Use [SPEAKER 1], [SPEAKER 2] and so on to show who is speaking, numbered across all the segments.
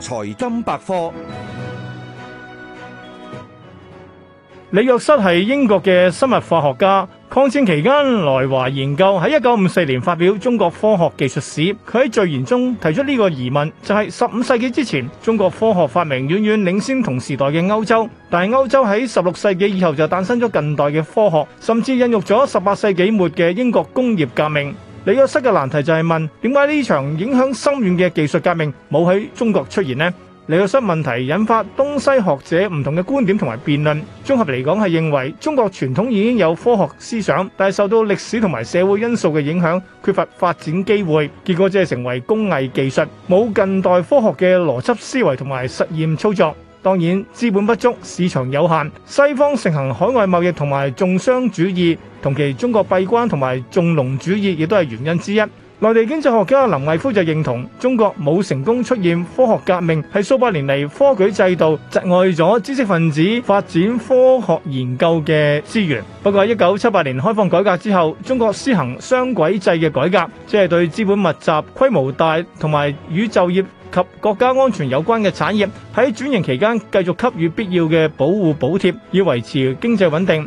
[SPEAKER 1] 財金百科，李約瑟係英國嘅生物化學家，抗戰期間來華研究，喺一九五四年發表《中國科學技術史》。佢喺序言中提出呢個疑問，就係十五世紀之前，中國科學發明遠遠領先同時代嘅歐洲，但係歐洲喺十六世紀以後就誕生咗近代嘅科學，甚至孕育咗十八世紀末嘅英國工業革命。李約瑟嘅難題就係問點解呢場影響深遠嘅技術革命冇喺中國出現呢？李約瑟問題引發東西學者唔同嘅觀點同埋辯論，綜合嚟講係認為中國傳統已經有科學思想，但係受到歷史同埋社會因素嘅影響，缺乏發展機會，結果只係成為工藝技術，冇近代科學嘅邏輯思維同埋實驗操作。當然資本不足、市場有限、西方盛行海外貿易同埋重商主義，同期中國閉關同埋重農主義，亦都係原因之一。內地經濟學家林毅夫就認同，中國冇成功出現科學革命，喺數百年嚟科舉制度窒礙咗知識分子發展科學研究嘅資源。不過喺一九七八年開放改革之後，中國施行雙軌制嘅改革，即係對資本密集、規模大同埋與就業及國家安全有關嘅產業喺轉型期間繼續給予必要嘅保護補貼，以維持經濟穩定。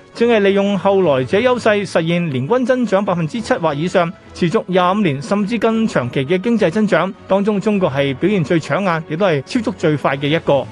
[SPEAKER 1] 正係利用後來者優勢，實現年均增長百分之七或以上，持續廿五年，甚至更長期嘅經濟增長。當中中國係表現最搶眼，亦都係超速最快嘅一個。